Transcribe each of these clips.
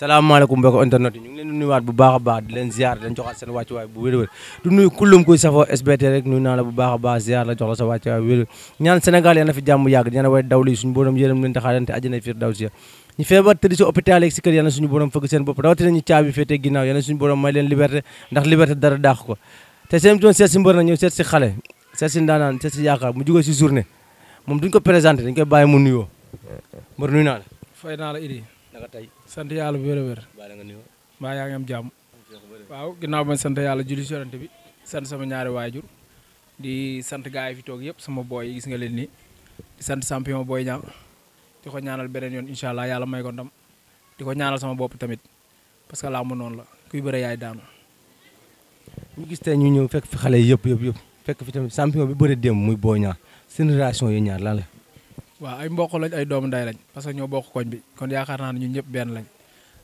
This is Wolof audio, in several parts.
salaamaaleykum mbokki internet yi ñu ngi leen di nuyuwaat bu baax a baax di leen ziar di leen joxaat seen wàccuwaay bu wér-wér du nuyu kullum kuy safoo SBT rek nuyu naa la bu baax a baax ziar la jox la sa wàccuwaay bu wér-wér ñaan Sénégal yéen a fi jàmm yàgg ñaan way daw lii suñu borom yërëm leen te xaarante àjjana fiir daw si ñu feebar tëdd si hôpital yeeg si kër yàlla suñu borom fëgg seen bopp rawatina ñu caabi féete ginnaaw yàlla suñu borom may leen liberté ndax liberté dara daax ko te seen doon seet si mbër na ñëw seet si xale seet si ndaanaan seet si yaakaar mu jugee si journée moom duñ ko présenté dañ koy bàyyi mu nuyoo mbër nuyu naa la fay naa la Idi naka tey sant yàlla bu wér a wér mbaa yaa ngi jàmm waaw ginnaaw ma sant yàlla julli si bi sant sama ñaari waajur di sant gaay yi fi toog yëpp sama booy yi gis nga leen nii di sant champion booy ñaam di ko ñaanal yoon incha yàlla may ko di ko ñaanal sama bopp tamit parce que làmb noonu la kuy bëre yaay daanu ñu gis tey ñu ñëw fekk fi xale yëpp yëpp fekk fi tamit champion bi bëre démb muy booy ñaar seen relation yi ñaar lan la waaw ay mboq lañ ay doom nday lañ parce que ñoo bokk koñ bi kon yaakaar naa ne ñun ñëpp benn lañ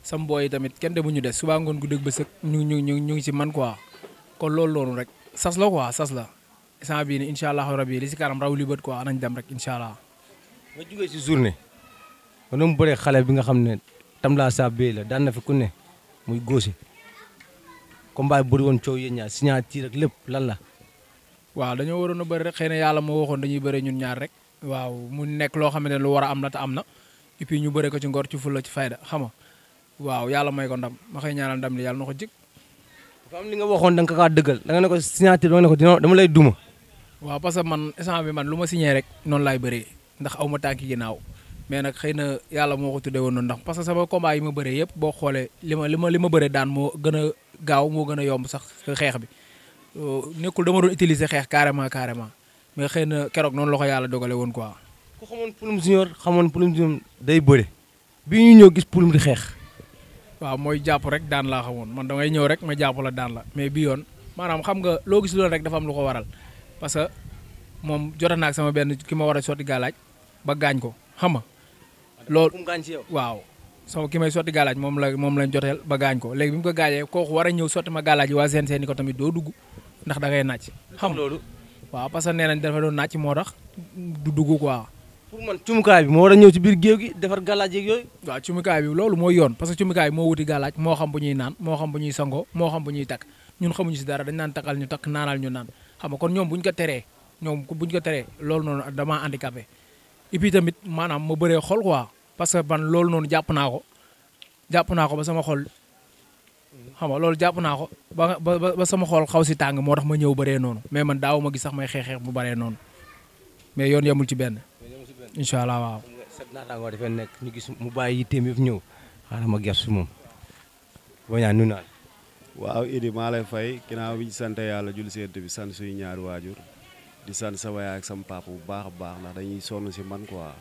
sam booy yi tamit kenn demuñu des subaa ngoon gu dëgg ba sëg ñu ngi ñu ñu ngi ci man quoi kon loolu loonu rek sas la sas la instant bii incha allah rabi li si kanam raw li bët quoi nañ dem rek incha allah. nga mu bëree xale bi nga xam ne Tamla Sabé la daan na fi ku ne muy góose combat bi bëri woon coow yéen ñaar signature ak lépp lan la. waaw dañoo waroon a bëri rek xëy na yàlla moo waxoon dañuy bëri ñun ñaar rek. waaw mu nekk loo xamante ne lu war a am la te am na et puis ñu bëre ko ci ngor ci la ci fayda xam nga waaw yàlla may ko ndam ma xëy ñaanal ndam li yàlla na ko jig. dafa li nga waxoon da nga kaa dëggal da nga ne ko signature da ko dina dama lay waaw parce que man instant bi man lu ma signé rek noonu laay bëree ndax aw ma tànki mais nag xëy na yàlla moo ko tuddee woon noonu ndax parce que sama combat yi ma bëree yëpp boo xoolee li ma li ma li ma bëree daan moo gën a gaaw moo gën a yomb sax xeex bi euh, nekkul dama doon utiliser xeex carrément carrément mais xëy na keroog noonu la ko yàlla dogale woon quoi. ku xamoon Poulum junior xamoon Poulum junior day bëre bii ñu ñëw gis Poulum di xeex. waaw mooy jàpp rek daan laa xamoon man da ñëw rek ma jàpp la daan la mais bi yoon maanaam xam nga loo gis loolu rek dafa am lu ko waral parce que moom jotoon naa sama benn ki ma war a sotti galaaj ba gaañ ko xam nga. loolu waaw. soo ki may sotti galaaj moom la moom lañ joteel ba gaañ ko léegi bi mu ko gaañee kooku war a ñëw sotti ma galaaj waa seen ni ko tamit doo dugg ndax da ngay naaj. waaw parce que nee nañ dafa doon nàcc moo tax du dugg quoi. pour man cumukaay bi moo war a ñëw ci biir géew gi defar galaaj yeeg yooyu. waaw cumukaay bi loolu mooy yoon parce que cumukaay bi moo wuti galaaj moo xam bu ñuy naan moo xam bu ñuy sango moo xam bu ñuy takk ñun xamuñu si dara dañ naan takkal ñu takk naanal ñu naan xam nga kon ñoom buñ ko teree ñoom ko buñ ko teree loolu noonu damaa handicapé et puis tamit maanaam ma bëree xol quoi parce que man loolu noonu jàpp naa ko jàpp naa ko ba sama xol xam nga loolu jàpp naa ko ba ba sama xool xaw si tàng moo tax ma ñëw bëree noonu mais man daaw ma gis sax may xeex xeex bu bare noonu mais yoon yamul ci benn. incha allah waaw. sëb nekk ñu gis mu bàyyi yitteem yëpp ñëw ma gerte moom. boo ñaan nu naan. waaw maa lay fay ginnaaw bi ñu sant yàlla julli seent bi sant suñu ñaari waajur di sant sama yaay ak sama papa bu baax a baax ndax dañuy sonn si man quoi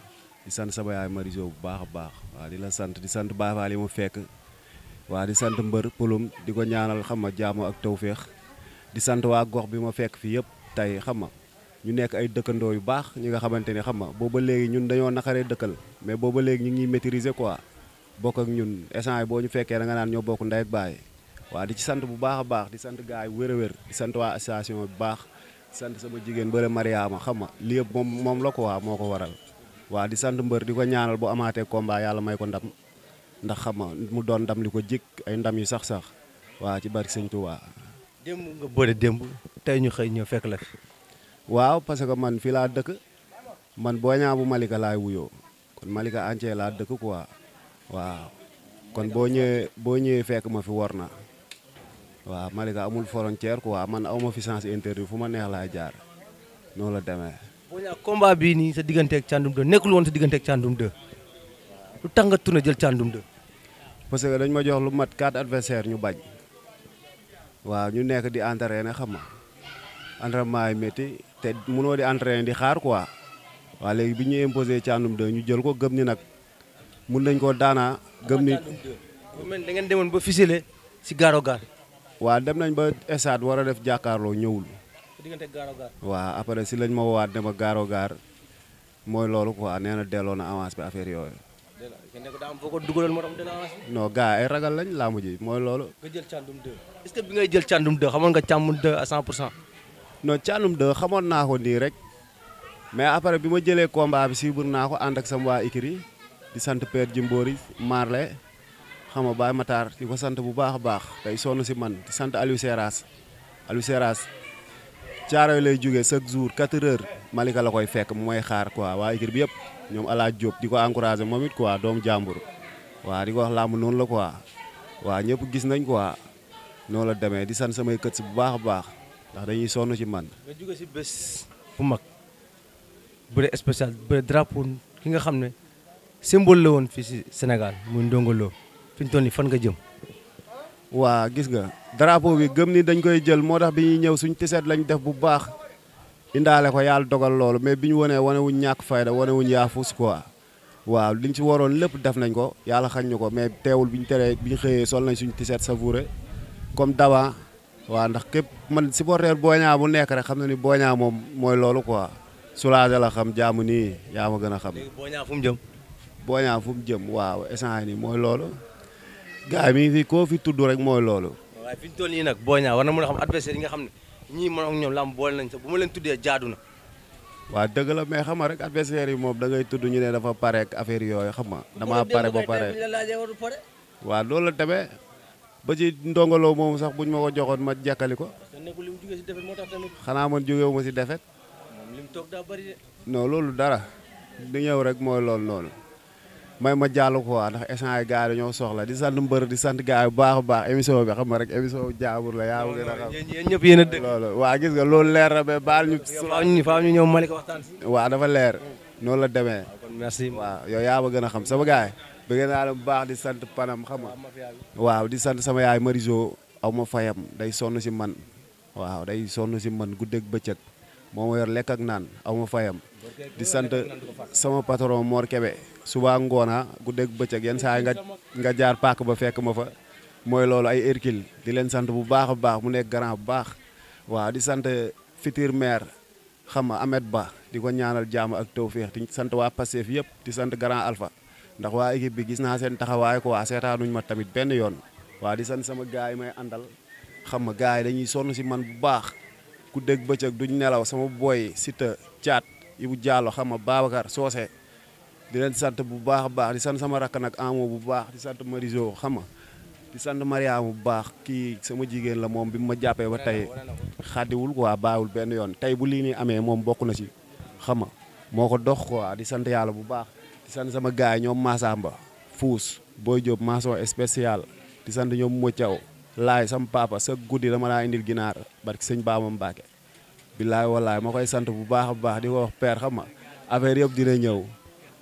di sant sama yaay Mariso bu baax a baax waaw di la sant di sant baax a li mu fekk. waa di sant mbër Pulum di ko ñaanal xam ma jaamu ak feex di sant waa gox bi ma fekk fi yëpp tey xam ma ñu nekk ay dëkkandoo yu baax ñi nga xamante ne xam ma booba léegi ñun dañoo naqaree dëkkal mais booba léegi ñu ngi maîtriser quoi bokk ak ñun échange boo ñu fekkee da nga naan ñoo bokk ndey ak baay waa di ci sant bu baaxa baax di sant gaay wér a wér di sant waa association bu baax sant sama jigéen bële Mariama xam ma li yëpp moom moom la ko waa moo ko waral waa di sant mbër di ko ñaanal bu amaatee combat yàlla may ko ndax xama mu doon ndam li ko jik ay ndam yu sax sax waaw ci barke sëñ Touba. démb nga bëre tey ñu xëy ñëw fekk la waaw parce que man fii laa dëkk man booñaa bu Malika laay wuyo kon Malika entier laa dëkk quoi waaw kon boo ñëwee boo ñëwee fekk ma fi war na waaw Malika amul frontière quoi man aw ma fi sens interview fu ma neex laa jaar noonu la demee. booñaa combat bii nii sa digganteeg Thiandoum nekk nekkul woon sa digganteeg Thiandoum 2 jël Thiandoum parce que dañ ma jox lu mat quatre adversaires ñu bañ waaw ñu nekk di entraîné xam nga entraînement yi métti te mënoo di entraîné di xaar quoi waaw léegi bi ñu imposé Thiandoum 2 ñu jël ko gëm ni nag mun nañ koo daanaa gëm ni da ba ficelé si gaaro waaw dem nañ ba estade war a def jàkkaarloo ñëwul waa après si lañ ma woowaat dama gaaro gaar mooy loolu quoi nee na delloo na avance bi affaire yooyu non gars ay ragal lañ laamu ji mooy loolu. nga jël càndum 2 est-ce bi ngay jël càndum 2 xamoon nga càndum 2 à 100 pour cent. non càndum xamoon naa ko nii rek mais après bi ma jëlee combat bi siibur naa ko ànd ak sama waa Ikri di sant père Jimboori Marley xam nga Baye Matar di ko sant bu baax a baax tey sonn si man di sant Aliou Seras Aliou Seras. caaroy lay jógee chaque jour 4 heures Malika la koy fekk mooy xaar quoi waa équipe bi yëpp ñoom alaaj Diop di ko encouragé moom it quoi doomu jàmbur waa di ko wax noonu la quoi waa ñëpp gis nañ quoi noonu la demee di sant samay kët si bu baax a baax ndax dañuy sonn ci man. nga jóge si bés bu mag bëre bu bëre drapeau ki nga xam ne symbole la woon fii si Sénégal mu Ndongo Lo fi ñu toll fan nga jëm. waa gis nga drapeau bi gëm nii dañ koy jël moo tax bi ñuy ñëw suñ tiset lañ def bu baax indaale ko yàlla dogal loolu mais bi ñu wanee wane wuñ ñàkk fayda wane wuñ yaafus quoi waaw liñ si waroon lépp def nañ ko yàlla xañ ñu ko mais teewul bi ñu teree bi xëyee sol nañ suñ tiset savouré comme d'avant waa ndax képp man supporter booñaa bu nekk rek xam na ni booñaa moom mooy loolu quoi soulagé la xam jaamu nii yaa ma gën a xam. booñaa fu jëm. waaw instant nii mooy gars yi fii koo fi tudd rek mooy loolu. waaye fi ñu toll nag Boy Niang war na mën a xam adversaire yi nga xam ne ñii mën ak ñoom lamb boole nañ sax bu ma leen tuddee jaadu na. waaw dëgg la mais xam nga rek adversaire yi moom da ngay tudd ñu ne dafa pare ak affaire yooyu xam nga damaa pare ba pare. waaw loolu la demee ba ci ndongoloo moomu sax buñ ma ko joxoon ma jàkkali ko. xanaa man jógewu ma si defet. non loolu dara. di ñëw rek mooy loolu noonu. may ma jàll quoi ndax échange yi gars yi dañoo soxla di sant mbër di sant gaa yi baax a baax émission bi xam nga rek émission jaabur la yaa waa gis nga loolu leer na ba baal ñu faa ñu dafa leer noonu la demee ah, merci waaw yow yaa ma gën a xam sama gaa yi bëgg naa la bu baax di sant panam xam nga waaw di sant sama yaay Mariso aw ma fayam day sonn si man waaw day sonn si man guddeeg bëccëg moo ma yor lekk ak naan aw ma fayam di sant sama patron Mor Kebe suba ngoona ah, guddeeg bëccëg yenn saa yi nga nga jaar paak ba fekk ma fa mooy loolu ay Hercule di leen sant bu baax a baax mu nekk grand bu baax waaw di sant futur maire xam nga Ahmed Ba di ko ñaanal jàmm ak feex di sant waa Pastef yëpp di sant grand alfa ndax waa équipe bi gis naa seen taxawaay ko waa seetaanuñ ma tamit benn yoon waa di sant sama gars yi may àndal xam nga gars dañuy sonn si man bu baax ku dégg bëccëg duñ nelaw sama booy Siteu Thiat Ibou Diallo xam nga Babacar soose di leen sant bu baax a baax di sant sama rakk nag Amo bu baax di sant Mariso xam nga di sant Mariama bu baax kii sama jigéen la moom bi ma jàppee ba tey xaddiwul quoi bàyyiwul benn yoon tey bu lii nii amee moom bokk na ci xam nga moo ko dox quoi di sant yàlla bu baax di sant sama gaay ñoom Massamba Fuus Boy Diop maçon spécial di sant ñoom Mothiaw laay sama papa sa guddi dama laa indil ginaar barki sëñ Bamba Mbacke billaay wallaay moo koy sant bu baax bu baax di ko wax père xam nga affaire yëpp dina ñëw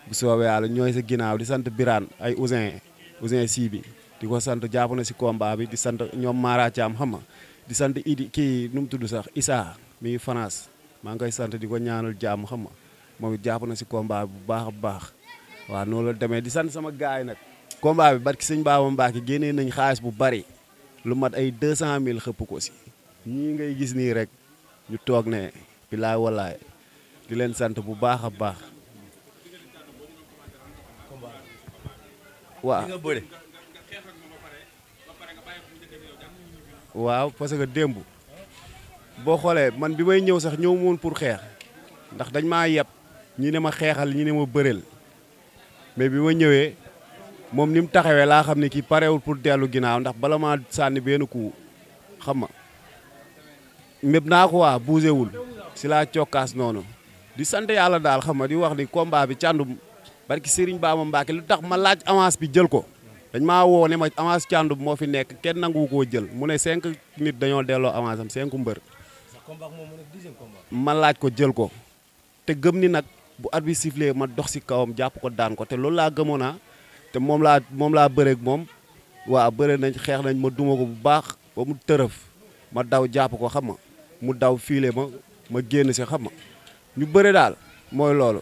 bu soobee yàlla ñooy sa ginnaaw di sant Birane ay Ousin Ousin sii bi di ko sant jàpp na si combat bi di sant ñoom Mara Thiam xama di sant Idi kii nu mu tudd sax Issa mi France maa ngi koy sant di ko ñaanal jàmm xam nga moom it jàpp na si combat bu baax a baax waaw noonu la demee di sant sama gaay nag combat bi barki sëñ Bamba Mbacke génnee nañ xaalis bu bari lu mat ay deux cent mille xëpp ko si ñii ngay gis nii rek ñu toog ne bilaay wallaay di leen sant bu baax a baax waaw waaw parce que démb boo xoolee man bi may ñëw sax ñëw moon pour xeex ndax dañ maa yeb ñi ne ma xeexal ñi ne ma bëreel mais bi ma ñëwee moom ni mu taxawee laa xam ne kii parewul pour dellu ginnaaw ndax bala maa sànni beenu ku xam ma méb naa ko waa bougéwul si laa cokkaas noonu di sant yàlla daal xam ma di wax ni combat bi càndum barki baa Bamba Mbacke lu tax ma laaj avance bi jël ko dañ ma woo ma avance càndum moo fi nekk kenn nangu koo jël mu ne cinq nit dañoo delloo avance am cinq mbër ma laaj ko jël ko te gëm ni nag bu arbitre bi sifflé ma dox si kawam jàpp ko daan ko te loolu laa gëmoon naa ah. te moom laa moom laa bëreeg moom waaw bëre nañ xeex nañ ma duma ko bu baax ba mu tërëf ma daw jàpp ko xam ma mu daw fiile ma ma génn si xam ma ñu bëre daal mooy loolu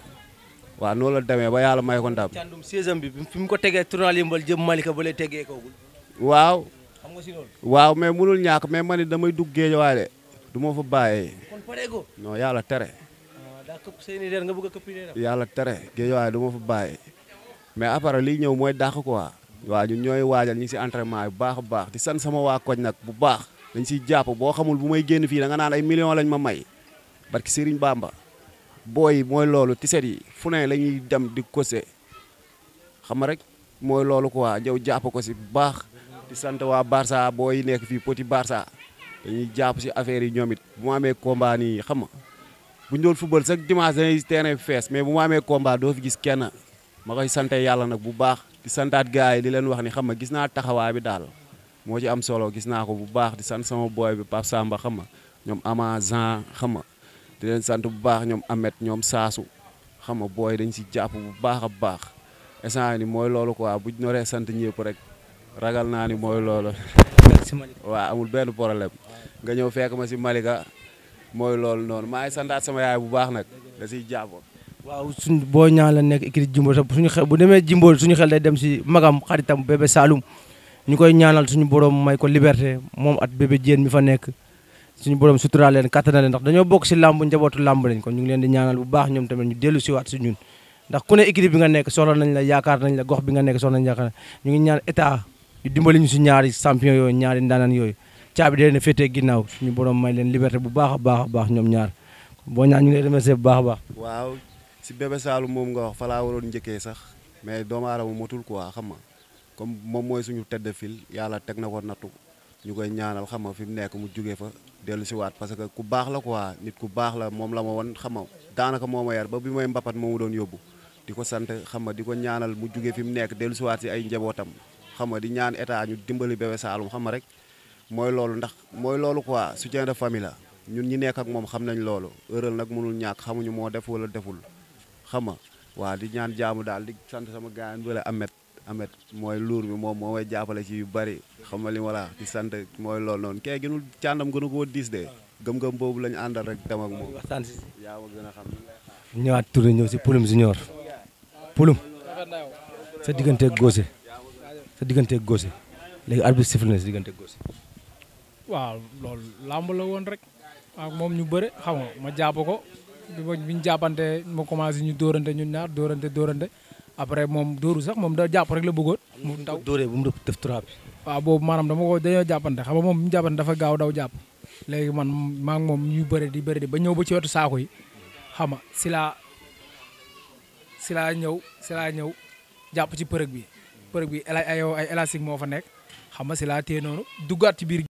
waa noonu la demee ba yàlla may ko ndam. càndum saison bi fi mu ko tegee tournoi Yeumbeul jëm Malika ba lay tegee koogul. waaw. xam nga si waaw mais munul ñàkk mais man damay dugg géej waaye de du ma fa bàyyee. kon pare ko. yàlla tere. waaw ah, daa këpp nga bëgg a yàlla tere géej waaye du ma fa bàyyee. mais après liy ñëw mooy dàq quoi. waaw ñun ñooy waajal ñu ngi si entraînement bu baax a baax di sant sama waa koñ nag bu baax dañ siy jàpp boo xamul bu may génn fii da nga naan ay millions lañ ma may barki Serigne Bamba booy mooy loolu tiset yi fu ne la ñuy dem di kose xam rek mooy loolu quoi ñëw jàpp ko si bu baax di sant waa Barça booy nekk fii petit Barça dañuy jàpp si affaire yi ñoom it bu ma amee combat xam nga bu ñu doon football chaque dimanche dañuy terrain fees mais bu ma amee combat doo fi gis kenn. ma koy sante yàlla nag bu baax di santaat gars yi di leen wax ni xam nga gis naa taxawaay bi daal moo ci am solo gis naa ko bu baax di sant sama booy bi Pape Samba xam nga ñoom Ama Jean xam nga di leen sant bu baax ñoom Amet ñoom Saasu xam nga booy dañ si jàpp bu baax a baax instant ni mooy loolu quoi bu ñu noree sant ñëpp rek ragal naa ni mooy loolu. waa amul benn problème nga ñëw fekk ma si Malika mooy loolu noonu maa ngi santaat sama yaay bu baax nag da siy jàpp. waaw suñ Boy Niang la nekk écrit jimbool sax suñu xel ñu koy may ko liberté moom at bébé Diène mi fa nekk suñu borom suturaal leen kattanal leen ndax dañoo bokk si làmb njabootu làmb lañ kon ñu ngi leen di ñaanal bu baax ñoom tamit ñu dellu siwaat si ñun ndax ku ne écrit bi nga nekk soxla nañ la yaakaar nañ la gox bi nga nekk soxla nañ la yaakaar ñu ngi ñaan état ñu si ñaari champion yooyu ñaari ndaanaan yooyu caabi da leen féetee ginnaaw suñu borom may leen liberté bu baax a baax a ñoom ñaar Boy Niang ñu ngi lay remercier bu baax a si bébé Saloum moom nga wax falaa waroon njëkkee sax mais doomu aadama motul quoi xam nga comme moom mooy suñu tedd fil yàlla teg na ko nattu ñu koy ñaanal xam nga fi mu nekk mu jugee fa dellu si parce que ku baax la quoi nit ku baax la moom la ma woon xam nga daanaka moom ma yar ba bi may mbapat moo mu doon yóbbu di ko sant xam nga di ko ñaanal mu jugee fi mu nekk dellu si si ay njabootam xam nga di ñaan état ñu dimbali bébé Saloum xam nga rek mooy loolu ndax mooy loolu quoi soutien de famille ñun ñi nekk ak moom xam nañ loolu heural nag mënul ñàkk xamuñu moo def wala deful xam nga waa di ñaan jaamu daal di sant sama gaayan bële Amet Amet mooy luur bi moom moo may jàppale ci yu bari xam nga li wala di sant mooy lool noonu kee gënul càndam gënu koo diis de gëm-gëm boobu lañu ñu àndal rek dem ak moom yaa ma a xam ñëwaat Touré ñëw si Pulum Junior Pulum sa digganteeg Gose sa digganteeg Gose léegi arbitre sa digganteeg Gose waaw loolu làmb la woon rek ak ñu bëre xam nga ma jàpp ko bi ñu jàppante mu commencé ñu dóorante ñun ñaar dóorante dóorante après moom dóoru sax moom da jàpp rek la bëggoon. mu taw dóoree bu mu def trois bi. waaw boobu maanaam dama ko dañoo jàppante xam nga moom ñu jàppante dafa gaaw daw jàpp léegi man maa ngi moom ñuy bëri di bëri di ba ñëw ba ci wetu saako yi xam nga si laa si ñëw si ñëw jàpp ci përëg bi përëg bi ay ay élastique moo fa nekk xam nga si laa téye noonu duggaat ci biir.